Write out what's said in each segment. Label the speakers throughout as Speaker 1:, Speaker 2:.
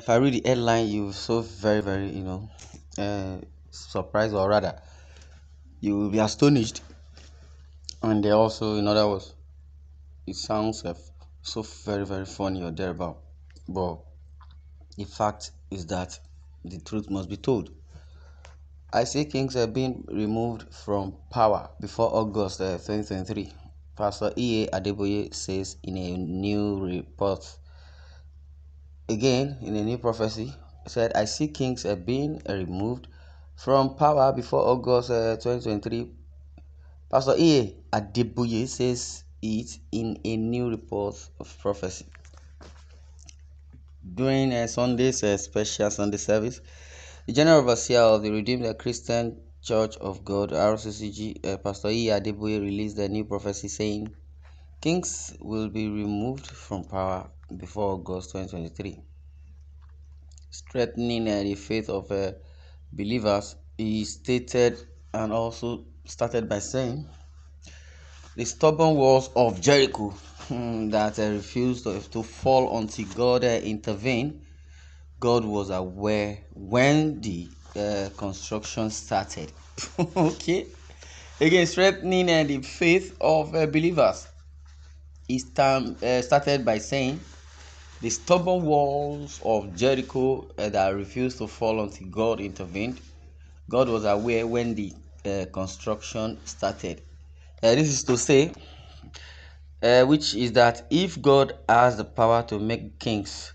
Speaker 1: if I read the headline, you so very, very, you know, uh, surprised or rather, you will be astonished. And they also, in other words, it sounds uh, so very, very funny or thereabout. But the fact is that the truth must be told. I see kings have eh, been removed from power before August uh, 2023. Pastor E.A. Adeboye says in a new report Again, in a new prophecy, said, I see kings are being removed from power before August uh, 2023. Pastor E. Adebuye says it in a new report of prophecy. During uh, Sunday's uh, special Sunday service, the General Overseer of the Redeemed uh, Christian Church of God, RCCG, uh, Pastor E. Adebuye, released a new prophecy saying, Kings will be removed from power before August 2023. Strengthening uh, the faith of uh, believers, he stated and also started by saying, The stubborn walls of Jericho hmm, that uh, refused to, to, fall until God uh, intervened, God was aware when the uh, construction started. okay? Again, strengthening uh, the faith of uh, believers he uh, started by saying, The stubborn walls of Jericho uh, that refused to fall until God intervened, God was aware when the uh, construction started. Uh, this is to say, uh, which is that if God has the power to make kings,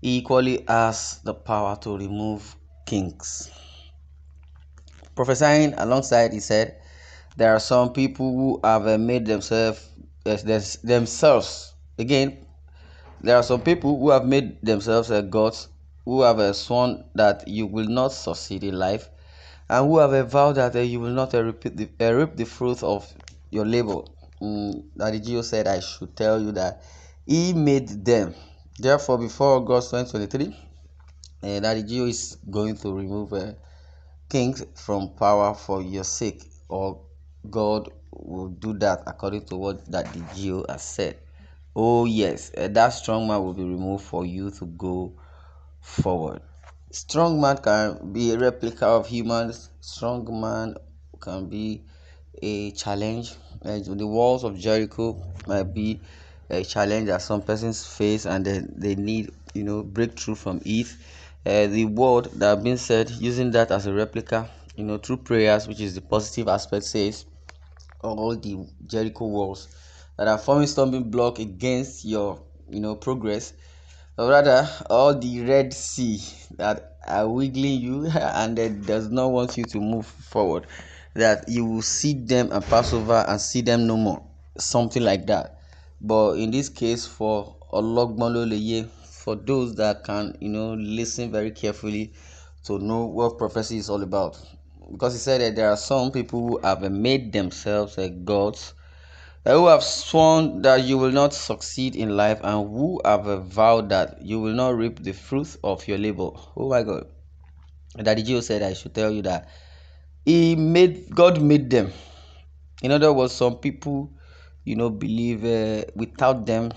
Speaker 1: He equally has the power to remove kings. Prophesying alongside, he said, There are some people who have uh, made themselves themselves. Again, there are some people who have made themselves a gods, who have a sworn that you will not succeed in life, and who have a vow that uh, you will not uh, reap, the, uh, reap the fruit of your labor. Mm, the geo said, I should tell you that he made them. Therefore, before August 2023, uh, eh, the Gio is going to remove uh, kings from power for your sake, or God will do that according to what that the geo has said oh yes eh, that strong man will be removed for you to go forward strong man can be a replica of humans strong man can be a challenge uh, the walls of jericho might be a challenge that some persons face and then they need you know breakthrough from it uh, the word that have been said using that as a replica you know through prayers which is the positive aspect says all the Jericho walls that are forming stumbling block against your you know progress or rather all the red sea that are wiggling you and that does not want you to move forward that you will see them and pass over and see them no more something like that but in this case for ologbololeye for those that can you know listen very carefully to know what prophecy is all about because he said that there are some people who have made themselves a gods uh, who have sworn that you will not succeed in life and who have vowed that you will not reap the fruit of your labor oh my god daddy geo said i should tell you that he made god made them in other words some people you know believe uh, without them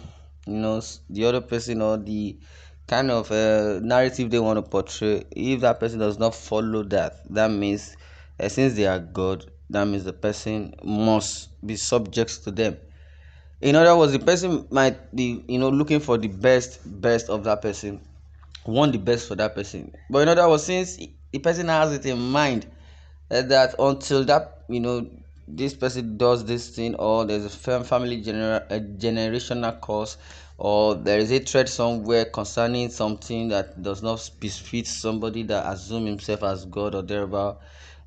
Speaker 1: you know the other person or the kind of uh, narrative they want to portray if that person does not follow that that means uh, since they are god that means the person must be subject to them in other words the person might be you know looking for the best best of that person want the best for that person but in other words since the person has it in mind uh, that until that you know this person does this thing or there's a family genera- a uh, generational cause or there is a threat somewhere concerning something that does not befit somebody that assume himself as God or thereabout,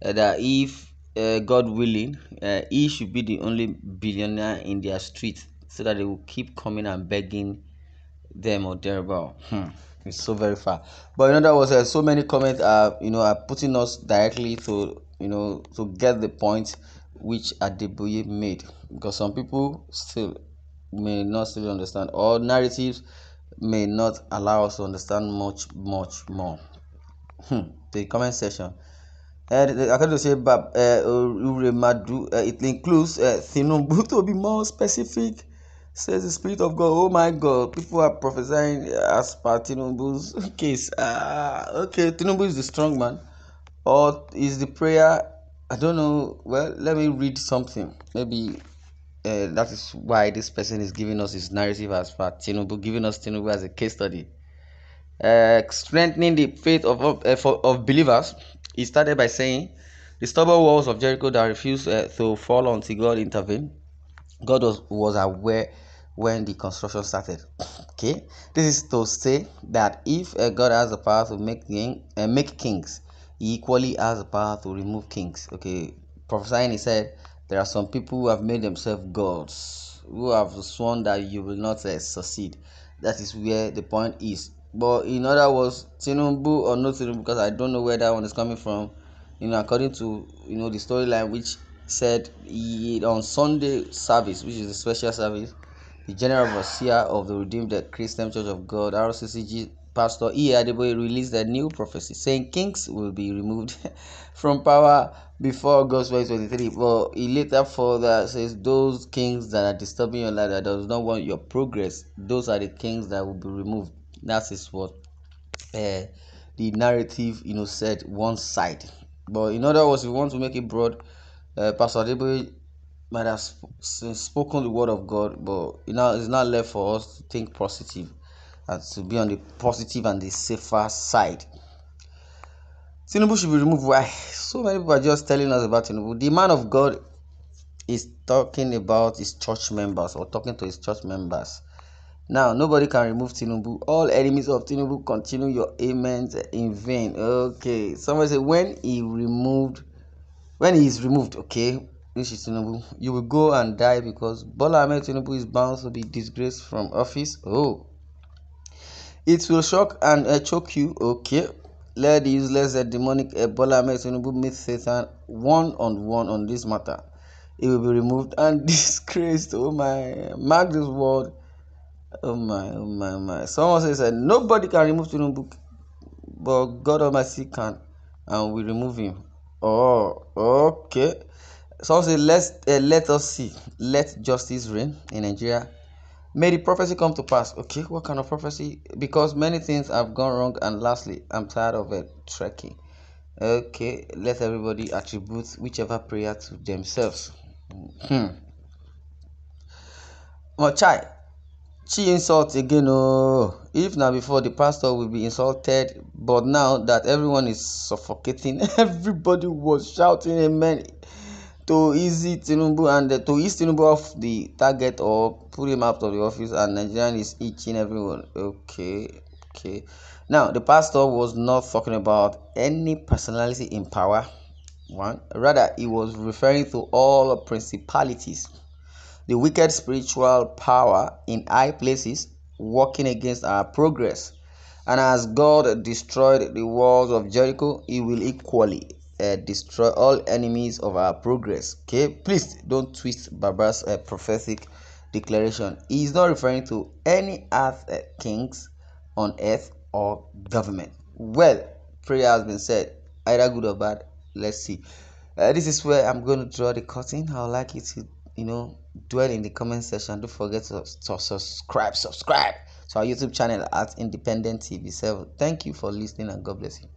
Speaker 1: uh, that if uh, God willing, uh, he should be the only billionaire in their street so that they will keep coming and begging them or thereabout. Hmm. It's so very far. But you know that was uh, so many comments are you know are putting us directly to you know to get the point which Adeboye made because some people still may not still understand, All narratives may not allow us to understand much, much more. Hmm, the comment section. Uh, I can say, but eh, eh, it includes uh, to be more specific. Says the Spirit of God. Oh my God, people are prophesying as per Tinubu's case. Uh, okay, Tinubu is the strong man, or is the prayer? I don't know. Well, let me read something. Maybe uh, that is why this person is giving us his narrative as fact. Tinubu giving us Tinubu as a case study. Uh, strengthening the faith of uh, for, of believers. He started by saying, "The stubborn walls of Jericho that refused uh, to fall until God intervened. God was, was aware when the construction started." Okay, this is to say that if uh, God has the power to make king, uh, make kings, He equally has the power to remove kings. Okay, prophesying, he said there are some people who have made themselves gods, who have sworn that you will not uh, succeed. That is where the point is. But in other words, Tinubu or no Tinubu, because I don't know where that one is coming from. You know, according to you know the storyline, which said he, on Sunday service, which is a special service, the general overseer of the Redeemed Christian Church of God (RCCG) Pastor E. Adeboye released a new prophecy saying kings will be removed from power before August Twenty Three. But he later further says those kings that are disturbing your life, that does not want your progress, those are the kings that will be removed. That is what uh, the narrative, you know, said one side. But in other words, if you want to make it broad, uh, Pastor Adeboye might have sp- spoken the word of God, but you know, it's not left for us to think positive uh, to be on the positive and the safer side. Tinubu should be removed. Why? So many people are just telling us about Tinubu. The man of God is talking about his church members or talking to his church members. Now, nobody can remove Tinubu. All enemies of Tinubu continue your amens in vain. Okay. Somebody said, when he removed, when he is removed, okay, which is Tinubu, you will go and die because Bola Ahmed Tinubu is bound to be disgraced from office. Oh. It will shock and uh, choke you, okay? Let the useless and uh, demonic Ebola uh, Tinubu meet Satan one on one on this matter. It will be removed and disgraced. Oh my, mark this word. Oh my, oh my, oh my. Someone says that nobody can remove Tinubu, but God Almighty can and we remove him. Oh, okay. Someone says, let uh, let us see. Let justice reign in Nigeria. May the prophecy come to pass. Okay, what kind of prophecy? Because many things have gone wrong, and lastly, I'm tired of it trekking. Okay, let everybody attribute whichever prayer to themselves. Hmm. My she insulted again. Oh, if now before the pastor will be insulted, but now that everyone is suffocating, everybody was shouting amen to ease Tinubu and uh, to ease Tinubu off the target or put him out of the office, and Nigerian is eating everyone. Okay, okay. Now the pastor was not talking about any personality in power. One, rather, he was referring to all principalities, the wicked spiritual power in high places, working against our progress. And as God destroyed the walls of Jericho, He will equally uh, destroy all enemies of our progress. Okay, please don't twist Baba's uh, prophetic declaration. He is not referring to any earth uh, kings on earth or government. Well, prayer has been said, either good or bad. Let's see. Uh, this is where I'm going to draw the curtain. I would like you to, you know, dwell in the comment section. Don't forget to, to subscribe, subscribe to our YouTube channel at Independent TV7. Thank you for listening and God bless you.